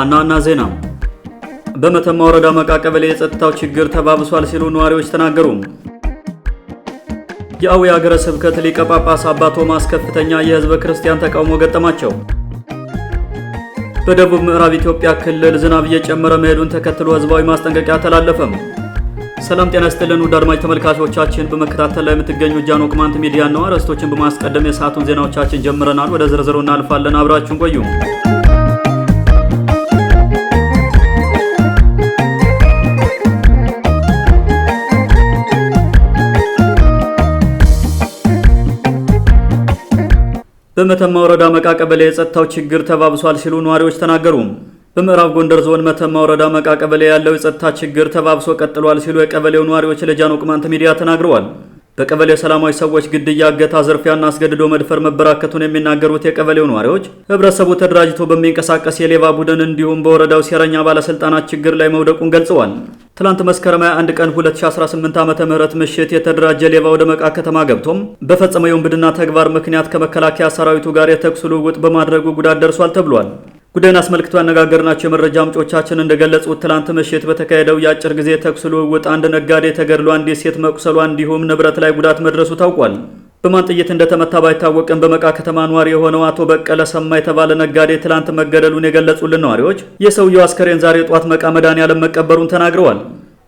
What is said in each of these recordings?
ዋና ዋና ዜና በመተማ ወረዳ መቃ ቀበሌ የጸጥታው ችግር ተባብሷል ሲሉ ነዋሪዎች ተናገሩ። የአዊ ሀገረ ስብከት ሊቀ ጳጳስ አባ ቶማስ ከፍተኛ የህዝበ ክርስቲያን ተቃውሞ ገጠማቸው። በደቡብ ምዕራብ ኢትዮጵያ ክልል ዝናብ እየጨመረ መሄዱን ተከትሎ ህዝባዊ ማስጠንቀቂያ ተላለፈም። ሰላም ጤና ይስጥልን ውድ አድማጭ ተመልካቾቻችን፣ በመከታተል ላይ የምትገኙ ጃኖ ቅማንት ሚዲያ ነው። አርዕስቶችን በማስቀደም የሰዓቱን ዜናዎቻችን ጀምረናል። ወደ ዝርዝሩ እናልፋለን። አብራችሁን ቆዩ። በመተማ ወረዳ መቃ ቀበሌ የጸጥታው ችግር ተባብሷል ሲሉ ነዋሪዎች ተናገሩ። በምዕራብ ጎንደር ዞን መተማ ወረዳ መቃ ቀበሌ ያለው የጸጥታ ችግር ተባብሶ ቀጥሏል ሲሉ የቀበሌው ነዋሪዎች ለጃኖ ቅማንት ሚዲያ ተናግረዋል። በቀበሌ ሰላማዊ ሰዎች ግድያ፣ እገታ፣ ዝርፊያና አስገድዶ መድፈር መበራከቱን የሚናገሩት የቀበሌው ነዋሪዎች ህብረተሰቡ ተደራጅቶ በሚንቀሳቀስ የሌባ ቡድን እንዲሁም በወረዳው ሴረኛ ባለስልጣናት ችግር ላይ መውደቁን ገልጸዋል። ትላንት መስከረም 21 ቀን 2018 ዓ.ም ምሽት የተደራጀ ሌባ ወደ መቃ ከተማ ገብቶም በፈጸመው የውንብድና ተግባር ምክንያት ከመከላከያ ሰራዊቱ ጋር የተኩስ ልውውጥ በማድረጉ ጉዳት ደርሷል ተብሏል። ጉዳዩን አስመልክቶ ያነጋገርናቸው የመረጃ ምንጮቻችን እንደገለጹት ትላንት ምሽት በተካሄደው የአጭር ጊዜ ተኩስ ልውውጥ አንድ ነጋዴ ተገድሎ አንዲት ሴት መቁሰሏ እንዲሁም ንብረት ላይ ጉዳት መድረሱ ታውቋል። በማን ጥይት እንደተመታ ባይታወቅም በመቃ ከተማ ነዋሪ የሆነው አቶ በቀለ ሰማ የተባለ ነጋዴ ትላንት መገደሉን የገለጹልን ነዋሪዎች የሰውየው አስከሬን ዛሬ ጧት መቃ መድኃኔዓለም መቀበሩን ተናግረዋል።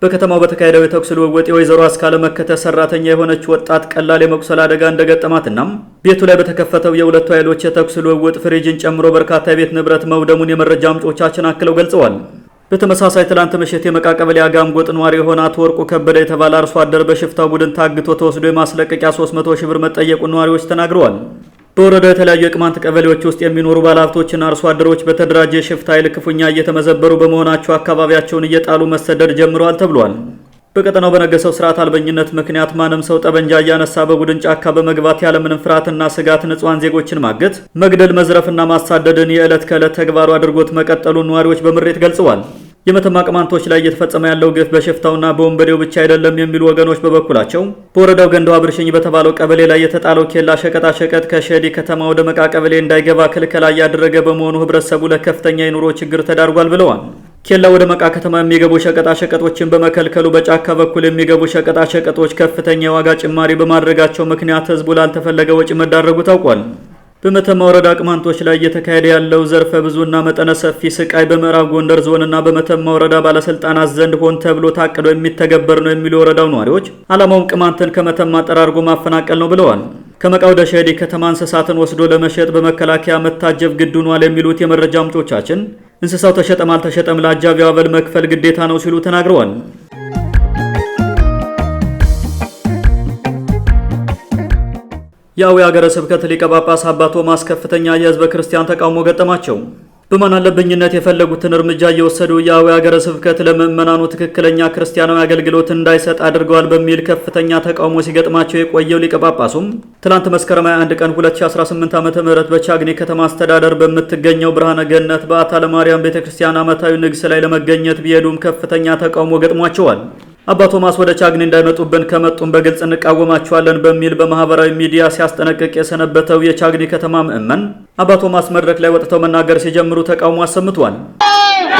በከተማው በተካሄደው የተኩስ ልውውጥ የወይዘሮ አስካለ መከተ ሰራተኛ የሆነች ወጣት ቀላል የመቁሰል አደጋ እንደገጠማትና ቤቱ ላይ በተከፈተው የሁለቱ ኃይሎች የተኩስ ልውውጥ ፍሪጅን ጨምሮ በርካታ የቤት ንብረት መውደሙን የመረጃ ምንጮቻችን አክለው ገልጸዋል። በተመሳሳይ ትላንት ምሽት የመቃ ቀበሌ ጎጥ ነዋሪ የሆነ አቶ ወርቁ ከበደ የተባለ አርሶ አደር በሽፍታው ቡድን ታግቶ ተወስዶ የማስለቀቂያ 300 ሺህ ብር መጠየቁን ነዋሪዎች ተናግረዋል። በወረዳው የተለያዩ የቅማንት ቀበሌዎች ውስጥ የሚኖሩ ባለሀብቶችና አርሶ አደሮች በተደራጀ የሽፍታ ኃይል ክፉኛ እየተመዘበሩ በመሆናቸው አካባቢያቸውን እየጣሉ መሰደድ ጀምረዋል ተብሏል። በቀጠናው በነገሰው ስርዓት አልበኝነት ምክንያት ማንም ሰው ጠበንጃ እያነሳ በቡድን ጫካ በመግባት ያለምንም ፍርሃትና ስጋት ንጹሐን ዜጎችን ማገት፣ መግደል፣ መዝረፍና ማሳደድን የዕለት ከዕለት ተግባሩ አድርጎት መቀጠሉን ነዋሪዎች በምሬት ገልጸዋል። የመተማ ቅማንቶች ላይ እየተፈጸመ ያለው ግፍ በሽፍታውና በወንበዴው ብቻ አይደለም የሚሉ ወገኖች በበኩላቸው በወረዳው ገንዳዋ ብርሽኝ በተባለው ቀበሌ ላይ የተጣለው ኬላ ሸቀጣ ሸቀጥ ከሸዲ ከተማ ወደ መቃ ቀበሌ እንዳይገባ ክልከላ እያደረገ በመሆኑ ህብረተሰቡ ለከፍተኛ የኑሮ ችግር ተዳርጓል ብለዋል። ኬላ ወደ መቃ ከተማ የሚገቡ ሸቀጣ ሸቀጦችን በመከልከሉ በጫካ በኩል የሚገቡ ሸቀጣ ሸቀጦች ከፍተኛ የዋጋ ጭማሪ በማድረጋቸው ምክንያት ህዝቡ ላልተፈለገ ወጪ መዳረጉ ታውቋል። በመተማ ወረዳ ቅማንቶች ላይ እየተካሄደ ያለው ዘርፈ ብዙና መጠነ ሰፊ ስቃይ በምዕራብ ጎንደር ዞንና በመተማ ወረዳ ባለስልጣናት ዘንድ ሆን ተብሎ ታቅዶ የሚተገበር ነው የሚሉ የወረዳው ነዋሪዎች ዓላማውም ቅማንትን ከመተማ ጠራርጎ ማፈናቀል ነው ብለዋል። ከመቃ ወደ ሸዴ ከተማ እንስሳትን ወስዶ ለመሸጥ በመከላከያ መታጀብ ግድ ሆኗል የሚሉት የመረጃ ምንጮቻችን እንስሳው ተሸጠም አልተሸጠም ለአጃቢው አበል መክፈል ግዴታ ነው ሲሉ ተናግረዋል። የአዊ ሀገረ ስብከት ሊቀ ጳጳስ አባ ቶማስ ከፍተኛ የህዝበ ክርስቲያን ተቃውሞ ገጠማቸው። በማን አለብኝነት የፈለጉትን እርምጃ እየወሰዱ የአዊ ሀገረ ስብከት ለምእመናኑ ትክክለኛ ክርስቲያናዊ አገልግሎት እንዳይሰጥ አድርገዋል በሚል ከፍተኛ ተቃውሞ ሲገጥማቸው የቆየው ሊቀ ጳጳሱም ትላንት መስከረም 21 ቀን 2018 ዓ ም በቻግኒ ከተማ አስተዳደር በምትገኘው ብርሃነ ገነት በአታ ለማርያም ቤተ ክርስቲያን ዓመታዊ ንግስ ላይ ለመገኘት ቢሄዱም ከፍተኛ ተቃውሞ ገጥሟቸዋል። አባ ቶማስ ወደ ቻግኒ እንዳይመጡብን ከመጡን በግልጽ እንቃወማቸዋለን በሚል በማህበራዊ ሚዲያ ሲያስጠነቅቅ የሰነበተው የቻግኒ ከተማ ምዕመን አባ ቶማስ መድረክ ላይ ወጥተው መናገር ሲጀምሩ ተቃውሞ አሰምቷል።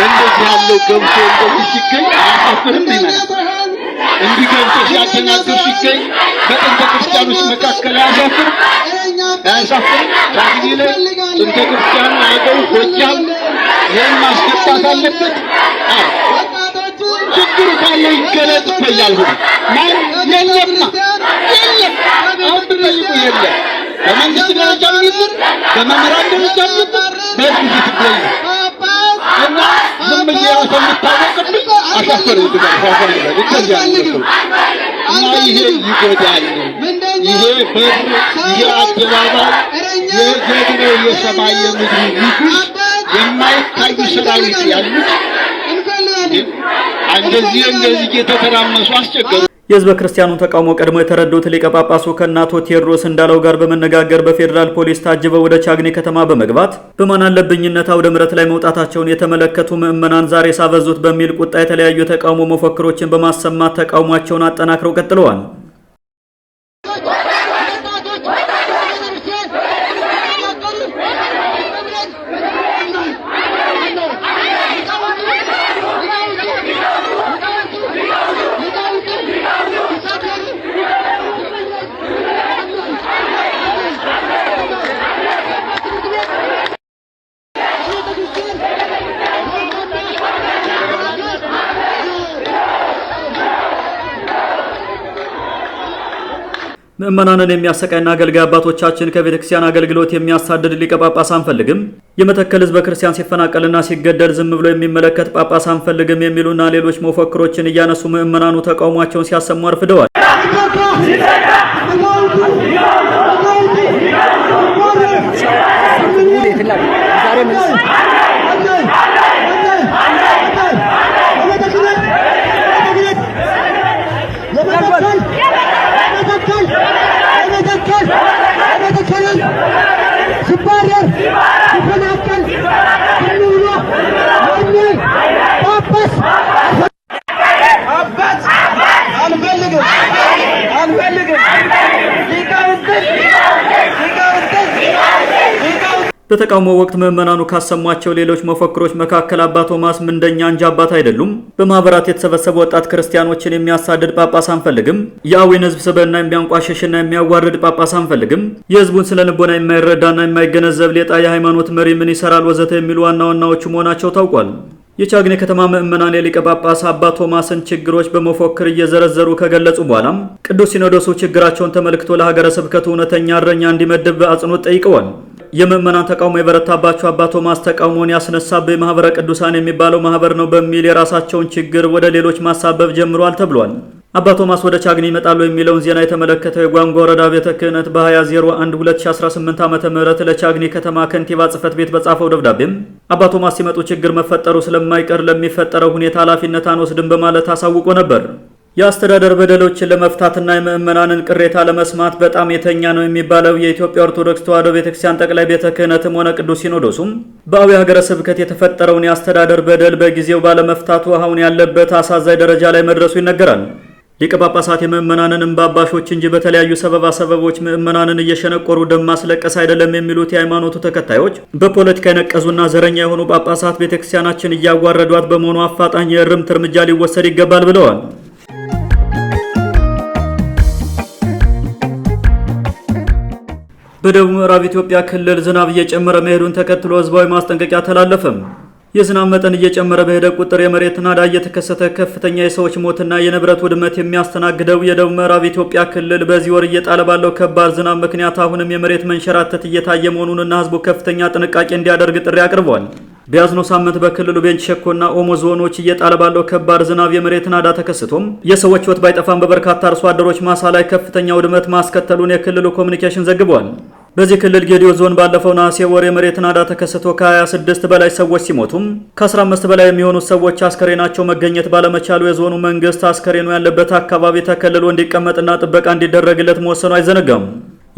እንደዚህ ያለው ገብቶ እንደዚህ ሲገኝ አያሳፍርም ይመናል። እንዲህ ገብቶ ሲያደናግር ሲገኝ በጥንተ ክርስቲያኖች መካከል አያሳፍርም አያሳፍርም። ቻግኒ ላይ ጥንተ ክርስቲያን አገው ጎጃም ይህን ማስገባት አለበት። ችግሩ ካለ ይገለጽ እኮ እያልሁ የለምና የለም። አሁን ብጠይቁ የለም። በመንግስት ደረጃ ሚኒስትር፣ በመምህራን ደረጃ ሚኒስትር፣ በህዝብ ስትገኝ እና ዝም እየራሰ የሚታወቅብኝ አሻፈር ይፈልጋል እና ይሄ ይጎዳል። ይሄ በር ይሄ አደባባይ የጀግናው የሰማይ የምድሩ ንጉሥ የማይታዩ ሰራዊት ያሉት እንደዚህ እንደዚህ እየተተራመሱ አስቸገሩ። የህዝበ ክርስቲያኑ ተቃውሞ ቀድሞ የተረዱት ሊቀ ጳጳሱ ከእናቶ ቴዎድሮስ እንዳለው ጋር በመነጋገር በፌዴራል ፖሊስ ታጅበው ወደ ቻግኒ ከተማ በመግባት በማን አለብኝነት አውደ ምሕረት ላይ መውጣታቸውን የተመለከቱ ምዕመናን ዛሬ ሳበዙት በሚል ቁጣ የተለያዩ የተቃውሞ መፈክሮችን በማሰማት ተቃውሟቸውን አጠናክረው ቀጥለዋል። ምእመናንን የሚያሰቃይና አገልጋይ አባቶቻችን ከቤተ ክርስቲያን አገልግሎት የሚያሳድድ ሊቀ ጳጳስ አንፈልግም፣ የመተከል ህዝበ ክርስቲያን ሲፈናቀልና ሲገደል ዝም ብሎ የሚመለከት ጳጳስ አንፈልግም የሚሉና ሌሎች መፈክሮችን እያነሱ ምእመናኑ ተቃውሟቸውን ሲያሰሙ አርፍደዋል። சிப்பாரியர் በተቃውሞ ወቅት ምዕመናኑ ካሰሟቸው ሌሎች መፈክሮች መካከል አባ ቶማስ ምንደኛ እንጂ አባት አይደሉም፣ በማህበራት የተሰበሰቡ ወጣት ክርስቲያኖችን የሚያሳድድ ጳጳስ አንፈልግም፣ የአዊን ህዝብ ስብዕና የሚያንቋሸሽና የሚያዋርድ ጳጳስ አንፈልግም፣ የህዝቡን ስነ ልቦና የማይረዳና የማይገነዘብ ሌጣ የሃይማኖት መሪ ምን ይሰራል ወዘተ የሚሉ ዋና ዋናዎቹ መሆናቸው ታውቋል። የቻግኔ ከተማ ምዕመናን የሊቀ ጳጳስ አባ ቶማስን ችግሮች በመፎክር እየዘረዘሩ ከገለጹ በኋላም ቅዱስ ሲኖዶሱ ችግራቸውን ተመልክቶ ለሀገረ ስብከቱ እውነተኛ እረኛ እንዲመድብ አጽንኦት ጠይቀዋል። የምዕመናን ተቃውሞ የበረታባቸው አባ ቶማስ ተቃውሞን ያስነሳብህ ማህበረ ቅዱሳን የሚባለው ማህበር ነው በሚል የራሳቸውን ችግር ወደ ሌሎች ማሳበብ ጀምሯል ተብሏል። አባ ቶማስ ወደ ቻግኒ ይመጣሉ የሚለውን ዜና የተመለከተው የጓንጓ ወረዳ ቤተ ክህነት በ 2012018 ዓ ም ዓ.ም ለቻግኒ ከተማ ከንቲባ ጽህፈት ቤት በጻፈው ደብዳቤም አባ ቶማስ ሲመጡ ችግር መፈጠሩ ስለማይቀር ለሚፈጠረው ሁኔታ ኃላፊነት አንወስድም በማለት አሳውቆ ነበር። የአስተዳደር በደሎችን ለመፍታትና የምዕመናንን ቅሬታ ለመስማት በጣም የተኛ ነው የሚባለው የኢትዮጵያ ኦርቶዶክስ ተዋሕዶ ቤተክርስቲያን ጠቅላይ ቤተ ክህነትም ሆነ ቅዱስ ሲኖዶሱም በአዊ ሀገረ ስብከት የተፈጠረውን የአስተዳደር በደል በጊዜው ባለመፍታቱ አሁን ያለበት አሳዛኝ ደረጃ ላይ መድረሱ ይነገራል። ሊቀ ጳጳሳት የምዕመናንን እንባ እንጂ በተለያዩ ሰበባ ሰበቦች ምዕመናንን እየሸነቆሩ ደም ማስለቀስ አይደለም የሚሉት የሃይማኖቱ ተከታዮች በፖለቲካ የነቀዙና ዘረኛ የሆኑ ጳጳሳት ቤተክርስቲያናችን እያዋረዷት በመሆኑ አፋጣኝ የእርምት እርምጃ ሊወሰድ ይገባል ብለዋል። በደቡብ ምዕራብ ኢትዮጵያ ክልል ዝናብ እየጨመረ መሄዱን ተከትሎ ህዝባዊ ማስጠንቀቂያ ተላለፈም። የዝናብ መጠን እየጨመረ በሄደ ቁጥር የመሬት ናዳ እየተከሰተ ከፍተኛ የሰዎች ሞትና የንብረት ውድመት የሚያስተናግደው የደቡብ ምዕራብ ኢትዮጵያ ክልል በዚህ ወር እየጣለ ባለው ከባድ ዝናብ ምክንያት አሁንም የመሬት መንሸራተት እየታየ መሆኑንና ህዝቡ ከፍተኛ ጥንቃቄ እንዲያደርግ ጥሪ አቅርቧል። በያዝነው ሳምንት በክልሉ ቤንች ሸኮና ኦሞ ዞኖች እየጣለ ባለው ከባድ ዝናብ የመሬት ናዳ ተከስቶም የሰዎች ህይወት ባይጠፋም በበርካታ አርሶ አደሮች ማሳ ላይ ከፍተኛ ውድመት ማስከተሉን የክልሉ ኮሚኒኬሽን ዘግቧል። በዚህ ክልል ጌዲዮ ዞን ባለፈው ነሐሴ ወር የመሬት ናዳ ተከስቶ ከ26 በላይ ሰዎች ሲሞቱም ከ15 በላይ የሚሆኑት ሰዎች አስከሬናቸው መገኘት ባለመቻሉ የዞኑ መንግስት አስከሬኑ ያለበት አካባቢ ተከልሎ እንዲቀመጥና ጥበቃ እንዲደረግለት መወሰኑ አይዘነጋም።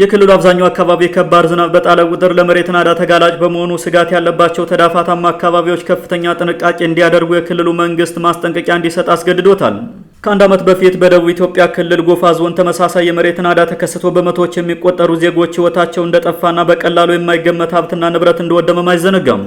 የክልሉ አብዛኛው አካባቢ ከባድ ዝናብ በጣለ ቁጥር ለመሬት ናዳ ተጋላጭ በመሆኑ ስጋት ያለባቸው ተዳፋታማ አካባቢዎች ከፍተኛ ጥንቃቄ እንዲያደርጉ የክልሉ መንግስት ማስጠንቀቂያ እንዲሰጥ አስገድዶታል። ከአንድ ዓመት በፊት በደቡብ ኢትዮጵያ ክልል ጎፋ ዞን ተመሳሳይ የመሬት ናዳ ተከስቶ በመቶዎች የሚቆጠሩ ዜጎች ህይወታቸው እንደጠፋና በቀላሉ የማይገመት ሀብትና ንብረት እንደወደመም አይዘነጋም።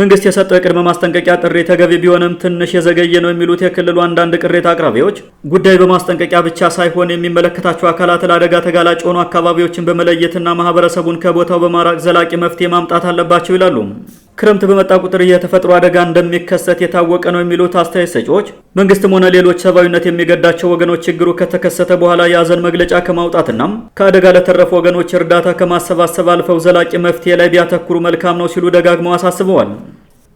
መንግስት የሰጠው የቅድመ ማስጠንቀቂያ ጥሪ ተገቢ ቢሆንም ትንሽ የዘገየ ነው የሚሉት የክልሉ አንዳንድ ቅሬታ አቅራቢዎች ጉዳይ በማስጠንቀቂያ ብቻ ሳይሆን የሚመለከታቸው አካላት ለአደጋ ተጋላጭ የሆኑ አካባቢዎችን በመለየትና ማህበረሰቡን ከቦታው በማራቅ ዘላቂ መፍትሄ ማምጣት አለባቸው ይላሉ። ክረምት በመጣ ቁጥር የተፈጥሮ አደጋ እንደሚከሰት የታወቀ ነው የሚሉት አስተያየት ሰጪዎች መንግስትም ሆነ ሌሎች ሰብአዊነት የሚገዳቸው ወገኖች ችግሩ ከተከሰተ በኋላ የሀዘን መግለጫ ከማውጣትና ከአደጋ ለተረፉ ወገኖች እርዳታ ከማሰባሰብ አልፈው ዘላቂ መፍትሄ ላይ ቢያተኩሩ መልካም ነው ሲሉ ደጋግመው አሳስበዋል።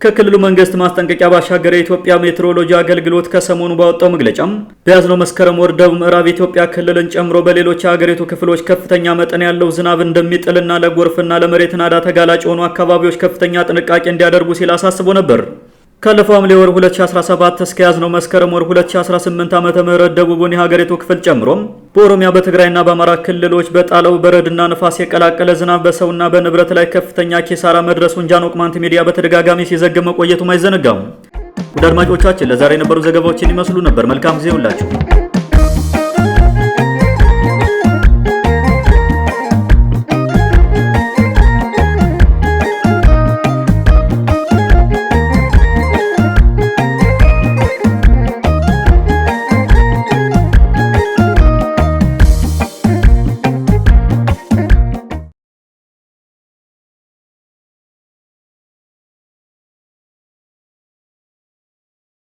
ከክልሉ መንግስት ማስጠንቀቂያ ባሻገር የኢትዮጵያ ሜትሮሎጂ አገልግሎት ከሰሞኑ ባወጣው መግለጫም በያዝነው መስከረም ወር ደቡብ ምዕራብ ኢትዮጵያ ክልልን ጨምሮ በሌሎች የሀገሪቱ ክፍሎች ከፍተኛ መጠን ያለው ዝናብ እንደሚጥልና ለጎርፍና ለመሬት ናዳ ተጋላጭ የሆኑ አካባቢዎች ከፍተኛ ጥንቃቄ እንዲያደርጉ ሲል አሳስቦ ነበር። ካለፈው ሐምሌ ወር 2017 እስከ ያዝነው መስከረም ወር 2018 ዓ.ም ደቡቡን የሀገሪቱ ክፍል ጨምሮም በኦሮሚያ በትግራይና በአማራ ክልሎች በጣለው በረድና ንፋስ የቀላቀለ ዝናብ በሰውና በንብረት ላይ ከፍተኛ ኪሳራ መድረሱን ጃን ቅማንት ሚዲያ በተደጋጋሚ ሲዘግብ መቆየቱም አይዘነጋም። ውድ አድማጮቻችን ለዛሬ የነበሩ ዘገባዎችን ይመስሉ ነበር። መልካም ጊዜ ሁላችሁ።